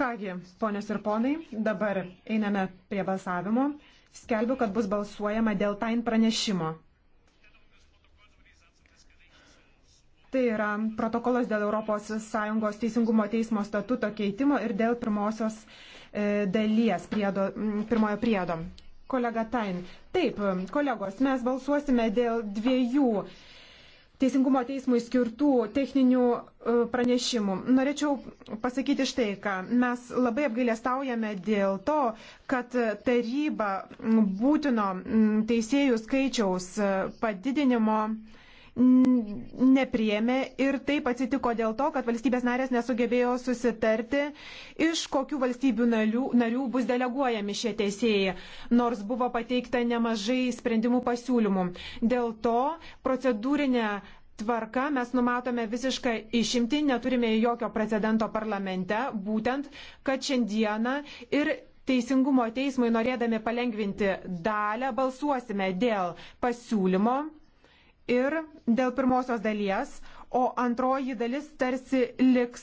Kągi, ponios ir ponai, dabar einame prie balsavimo. Skelbiu, kad bus balsuojama dėl tain pranešimo. Tai yra protokolas dėl ES teisingumo teismo statuto keitimo ir dėl pirmosios e, dalies priedo, pirmojo priedo. Kolega Tain. Taip, kolegos, mes balsuosime dėl dviejų Teisingumo teismui skirtų techninių e, pranešimų. Norėčiau pasakyti štai, ką mes labai apgailėstaujame dėl to, kad taryba būtino teisėjų skaičiaus e, padidinimo uh, nepriemė ir taip atsitiko dėl to, kad valstybės narės nesugebėjo susitarti, iš kokių valstybių narių, narių bus deleguojami šie teisėjai, nors buvo pateikta nemažai sprendimų pasiūlymų. Dėl to procedūrinė tvarka mes numatome visišką išimtį, neturime jokio precedento parlamente, būtent, kad šiandieną ir Teisingumo teismui norėdami palengvinti dalę balsuosime dėl pasiūlymo ir dėl pirmosios dalies, o antroji dalis tarsi liks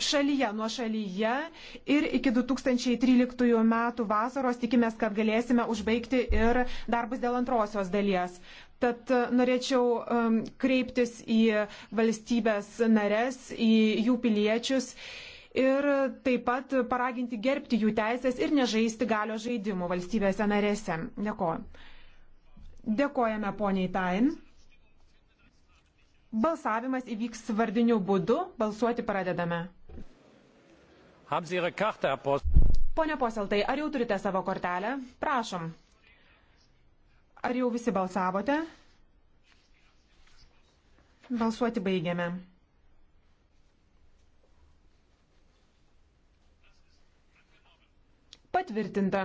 šalyje, nuo šalyje ir iki 2013 metų vasaros tikimės, kad galėsime užbaigti ir darbus dėl antrosios dalies. Tad e, norėčiau um, kreiptis į valstybės nares, į jų piliečius ir taip pat paraginti gerbti jų teisės ir nežaisti galio žaidimų valstybėse narėse. Dėkuoju. Dėkojame poniai Tain. Balsavimas įvyks vardiniu būdu. Balsuoti pradedame. Pone Poseltai, ar jau turite savo kortelę? Prašom. Ar jau visi balsavote? Balsuoti baigiame. Patvirtinta.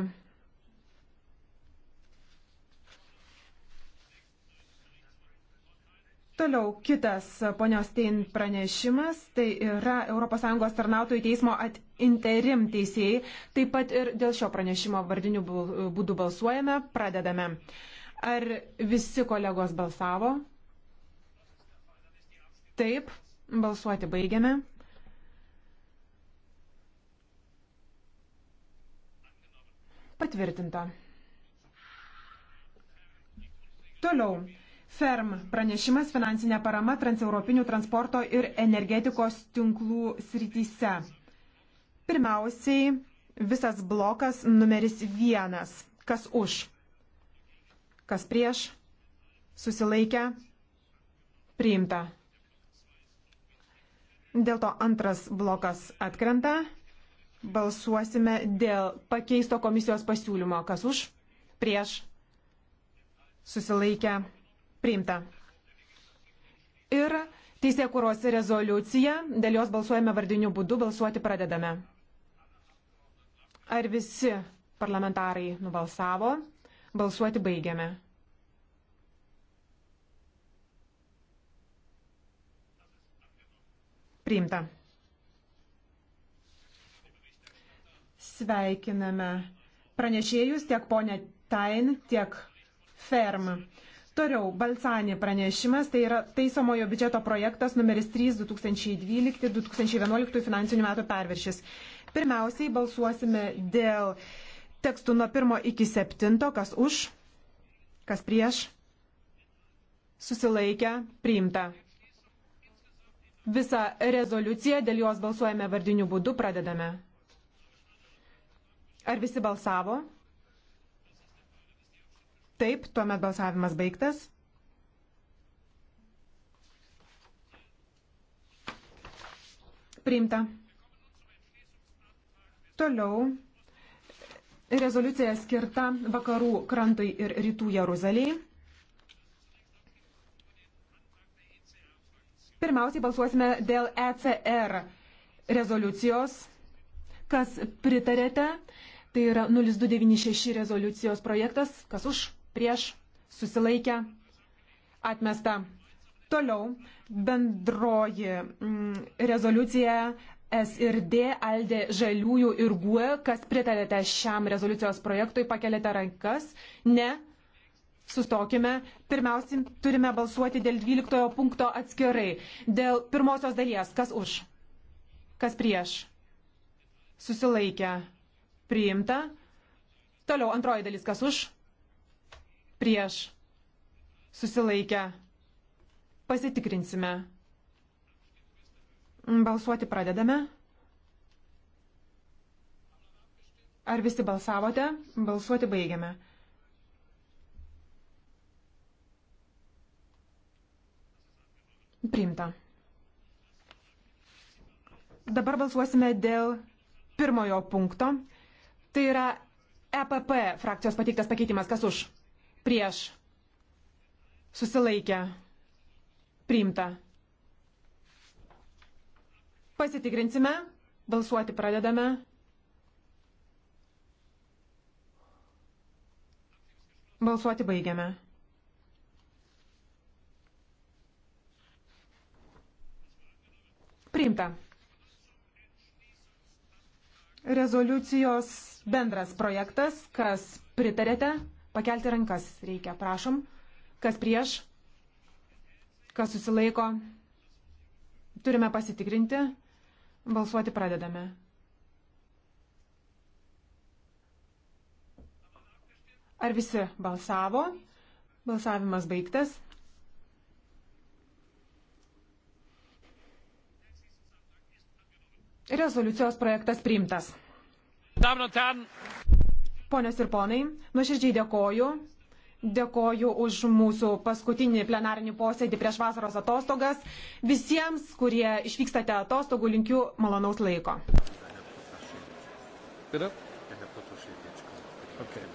Toliau kitas ponios Tein pranešimas, tai yra ES tarnautojų teismo at interim teisėjai. Taip pat ir dėl šio pranešimo vardiniu būdu balsuojame, pradedame. Ar visi kolegos balsavo? Taip, balsuoti baigiame. Patvirtinta. Toliau. FERM pranešimas finansinė parama transeuropinių transporto ir energetikos tinklų srityse. Pirmiausiai visas blokas numeris vienas. Kas už? Kas prieš? Susilaikę? Priimta. Dėl to antras blokas atkrenta. Balsuosime dėl pakeisto komisijos pasiūlymo. Kas už? Prieš? Susilaikę? Priimta. Ir teisė kūros rezoliucija, dėl jos balsuojame vardiniu būdu, balsuoti pradedame. Ar visi parlamentarai nubalsavo? Balsuoti baigiame. Priimta. Sveikiname pranešėjus tiek ponę Tain, tiek Ferm. Toliau, Balsani pranešimas, tai yra taisomojo biudžeto projektas numeris 3 2012-2011 finansinių metų perviršis. Pirmiausiai balsuosime dėl tekstų nuo 1 iki 7, kas už, kas prieš, susilaikę, priimta. Visą rezoliuciją dėl jos balsuojame vardiniu būdu, pradedame. Ar visi balsavo? Taip, tuomet balsavimas baigtas. Priimta. Toliau rezoliucija skirta vakarų krantui ir rytų Jeruzaliai. Pirmiausiai balsuosime dėl ECR rezoliucijos. Kas pritarėte? Tai yra 0296 rezoliucijos projektas. Kas už? prieš susilaikę atmesta. Toliau bendroji mm, rezoliucija S ir D, Aldė Žaliųjų ir GUE, kas pritarėte šiam rezoliucijos projektui, pakelėte rankas. Ne, sustokime. Pirmiausia, turime balsuoti dėl 12 punkto atskirai. Dėl pirmosios dalies, kas už, kas prieš. Susilaikę, priimta. Toliau antroji dalis, kas už, prieš susilaikę. Pasitikrinsime. Mm, balsuoti pradedame. Ar visi balsavote? Balsuoti baigiame. Priimta. Dabar balsuosime dėl pirmojo punkto. Tai yra EPP frakcijos pateiktas pakeitimas. Kas už? prieš, susilaikę, priimta. Pasitikrinsime, balsuoti pradedame. Balsuoti baigiame. Priimta. Rezoliucijos bendras projektas, kas pritarėte? Pakelti rankas reikia, prašom. Kas prieš? Kas susilaiko? Turime pasitikrinti. Balsuoti pradedame. Ar visi balsavo? Balsavimas baigtas. Rezoliucijos projektas priimtas. Damnotan. Ponios ir ponai, nuoširdžiai dėkoju. Dėkoju už mūsų paskutinį plenarinį posėdį prieš vasaros atostogas. Visiems, kurie išvykstate atostogų, linkiu malonaus laiko. Okay.